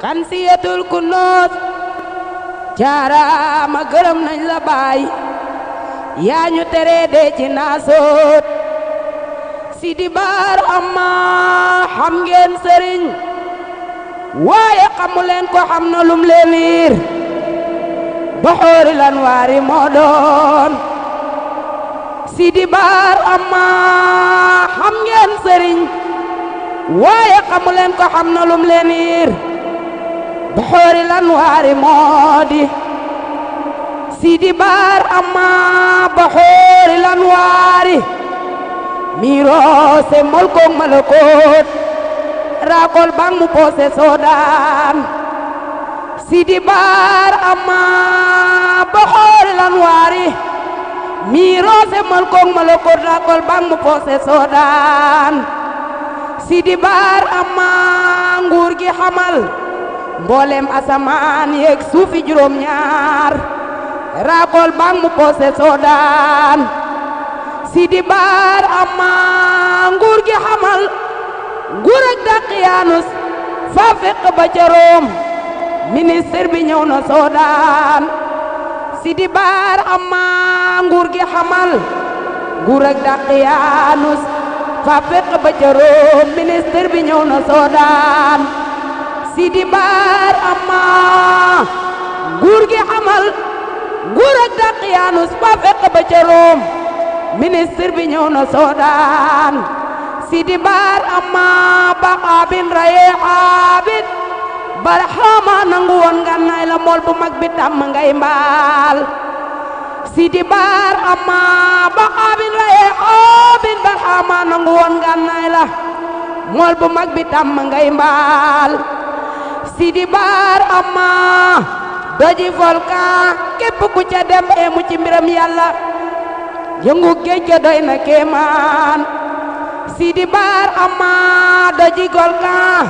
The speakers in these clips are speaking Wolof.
kan siyatul kunóos jaaraama gërëm nañ la baay yaa tere de ci naasoot Sidi Baar amma xam ngeen sëriñ waaye xamu ko xam na lum leen liir ba xoori lan waari moo doon Sidi Baar amma xam ngeen sëriñ waaye xamu ko xam na lum leen yiir xoori lan waari moo di sidi baar amma bu xoori lan waari miiroose mol koog malakoot raakol bang mu poose soodaan sidi baar amma bu xoori lan waari miiroose mol koog malakoot raakol bang mu poose soodaan Sidi Baar amma nguur gi xamal mboolem asamaan yeeg suufi juróom-ñaar raakool bang mu poose soodaan Sidi amma nguur gi xamal nguur ak Daqiyaanus faa fekk ba ca Room ministre bi ñëw na soodaan Sidi amma nguur gi xamal nguur ak Daqiyaanus fa fekk ba ca minister bi ñew na Soodaan Sidi bar amma nguur gi xamal nguur ak Daqiyanus fa fekk ba ca minister bi ñew na Soodaan Sidi bar amma baqaabin rayeexaabin barxaama nangu woon ngànnaay la mol bu mag bi tam ngay mbal Sidi bar amma ba min la e obin bal hama nangu woon la mool bu mag bi tam ngay mbaal sidi baar amma doji volcan képp ku ca dem e mu ci mbiram yàlla yëngu géej ga doy na kéemaan sidi baar amma doji volcan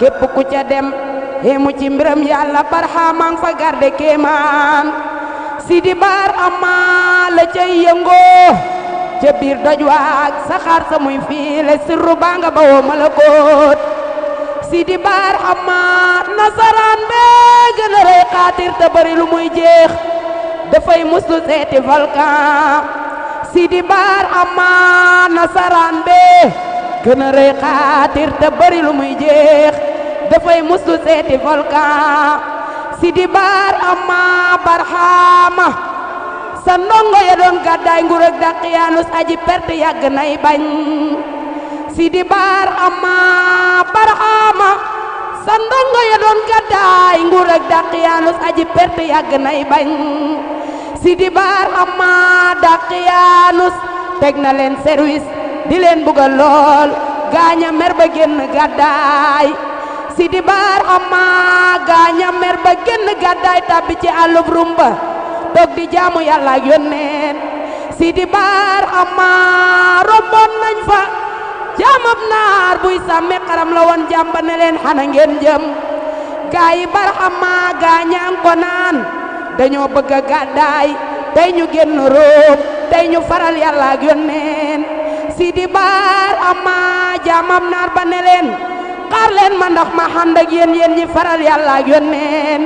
képp ku ca dem e mu ci mbiram yàlla barxaama nga fa garde kéemaan sidi baar amma la cay yëngoo ca biir doj waag saxaar sa fiile sirru baa nga bawoo malakoot si di baar nasaraan bee gën a rey xaatir te bari lu muy jeex dafay mustu seeti volcan si di nasaraan bee gën a xaatir te bari lu muy jeex dafay mustu seeti volcan si di baar sa ndongo ya doon gàddaay nguur ak Daqiyaanus aji perte yàgg nay bañ Sidi Baar Ama Barhama sa ndongo ya doon gàddaay nguur ak Daqiyaanus aji perte yàgg nay bañ Sidi Baar Ama Daqiyaanus teg na leen service di leen bugal lool gaaña mer ba génn gàddaay Sidi Baar Ama gaaña mer ba génn gàddaay tàbbi ci àllub rumba toog di jaamu yàlla ak yónneen Sidi Baar Amma romboon nañ fa jaamab naar buy sàmmi xaram la woon jàmba ne leen xana ngeen jëm gaa yi Baar Amma gaa ñaan ko naan dañoo bëgg a gàddaay tey ñu génn Róom tey ñu faral yàlla ak yónneen Sidi Baar Amma jaamab naar ba ne leen ma ndax ma xànd ak yéen ñi faral yàlla yónneen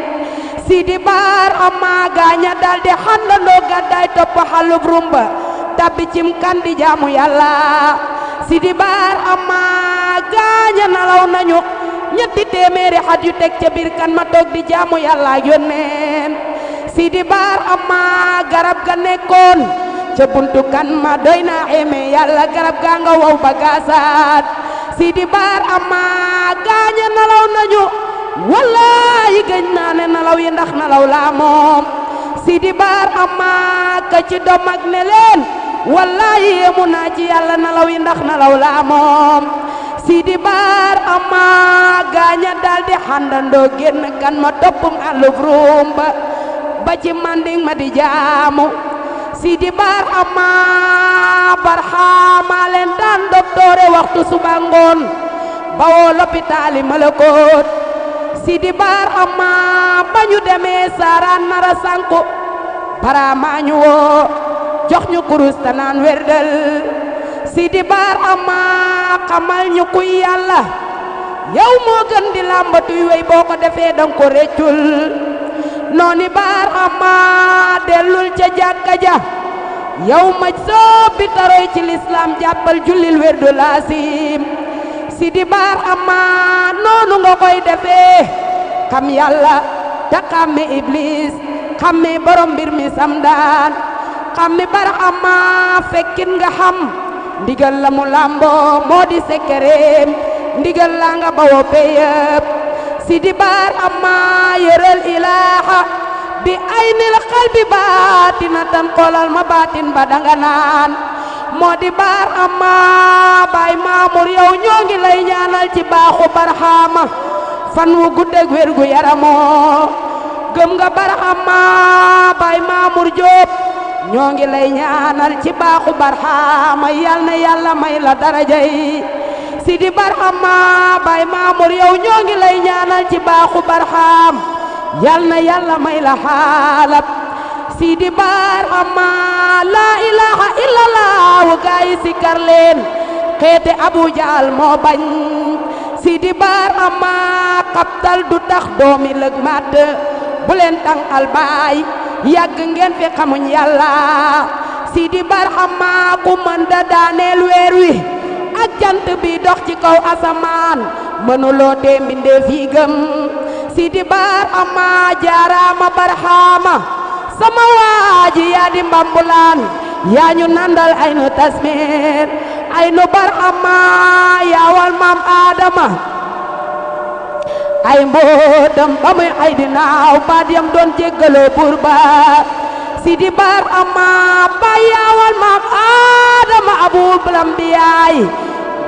sidi bar amma de daldi handando gaday topp halub rumba tapi cimkan di jamu yalla sidi bar amma gaaña nalaw nañu ñetti téméré had yu tek ci bir kan ma tok di jamu yalla yonen sidi bar amma garab ga nekkon ci buntu kan ma doyna émé yalla garab ga nga waw bagasat sidi bar amma gaaña nalaw nañu wallaayi gëj naa ne nalaw yi ndax nalaw laa moom Sidi Baar amaaka ci dom ak ne wallaayi yéemu naa ci yàlla nelaw yi ndax nalaw laa moom Sidi Baar gaaña daldi xàndandoo génn kan ma toppum àllub ruum ba ba ci manding ma di jaamu Sidi Baar amaa leen daan doktoore waxtu suba ngoon bawoo lopitaali malakoot sidi barama bañu demee saaraan nara sanku barama ñu woo jox ñu kurus ta naan werdal sidi barama xamal ñu kuy yàlla yow moo gën di làmbatuy wey boo ko defee danga ko réccul nooni barama dellul ca jàkka ja yow maj soppi taroy ci lislaam jàppal jullil werdul asim sidi barama noonu nga koy defee xam yàlla te xammi iblis xammi borom mbir mi samdaan xammi barxama fekkin nga xam ndigal la mu làmboo moo di sekkereem ndigal la nga bawoo péyëp si di barxama yëral ilaaha bi ay nil xal bi baatina tan xoolal ma baatin ba danga naan moo di baarama baay maamur yow ñoo ngi lay ñaanal ci baaxu barxaama fan wu guddeeg wér gu yaramoo gëm nga barxaama baay maamur Jóob ñoo ngi lay ñaanal ci baaxu barxaama yal na yàlla may la daraja yi sidi barxaama baay maamur yow ñoo ngi lay ñaanal ci baaxu barxaam yal na yàlla may la xaalab sidi barxaama Si Karlen, xeete abu jaal si bañ sidi ama kaptal du tax domi lëg mat bu len tang bay yag ngeen fi xamuñ yàlla sidi barxama ku man da danel wer wi ak jant bi dox ci kaw asamaan mënuloo tee mbindee sidi barhama sama waji ya di mambulan yaa ñu nandal ay nu tasmiir ay nu barxama yaawal maam aadama ay mbootam ba muy ay dinaaw baat yam doon jéggaloo buur ba si di barxama ba yaawal maam aadama abul blambiyaay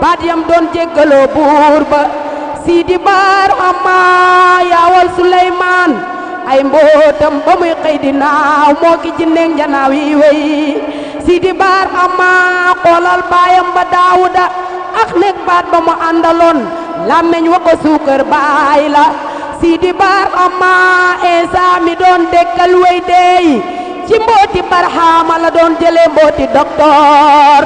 baat yam doon jéggaloo buur ba si di barxama yaawal suleymaan ay mbootam ba muy xëy dinaaw moo ki jinneeg njanaaw yi wey sidi baar amaa xoolal baayam ba daawuda ak nekk baat ba mu àndaloon làmmiñ wa ko suukar baay la sidi baar eesa mi doon dekkal wey deey ci mbooti barxaama la doon jële mbooti doktoor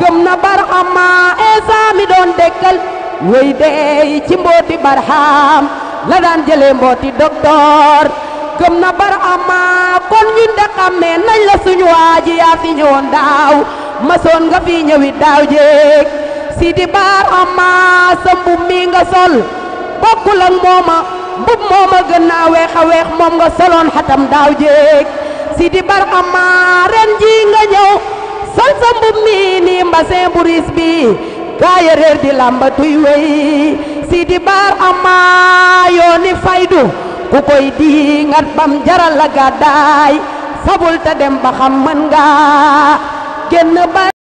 gëm na barxaama eesa mi doon dekkal wey deey ci mbooti barxaam la daan jële mbooti doktoor gëm na barxaama kon da de ne nañ la suñu waji ya fi ñoon daaw mason nga fi ñewi daaw jeek sidi barama sambu mi nga sol bokul ak moma bu moma gëna wex wex mom nga solon xatam daaw jeek sidi amma ren ji nga ñew sol sambu mi ni buris bi gaaya reer di lamba tuy wey sidi yoni faydu ku koy di ngat bam jaral la gàddaay sabul te dem ba xam mën nga génn ba